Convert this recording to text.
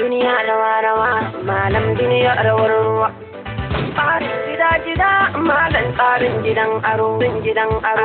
duniya rawa rawa malam duniya rawar ruwa tsarin gida gida malam tsarin gidan aro gidan aro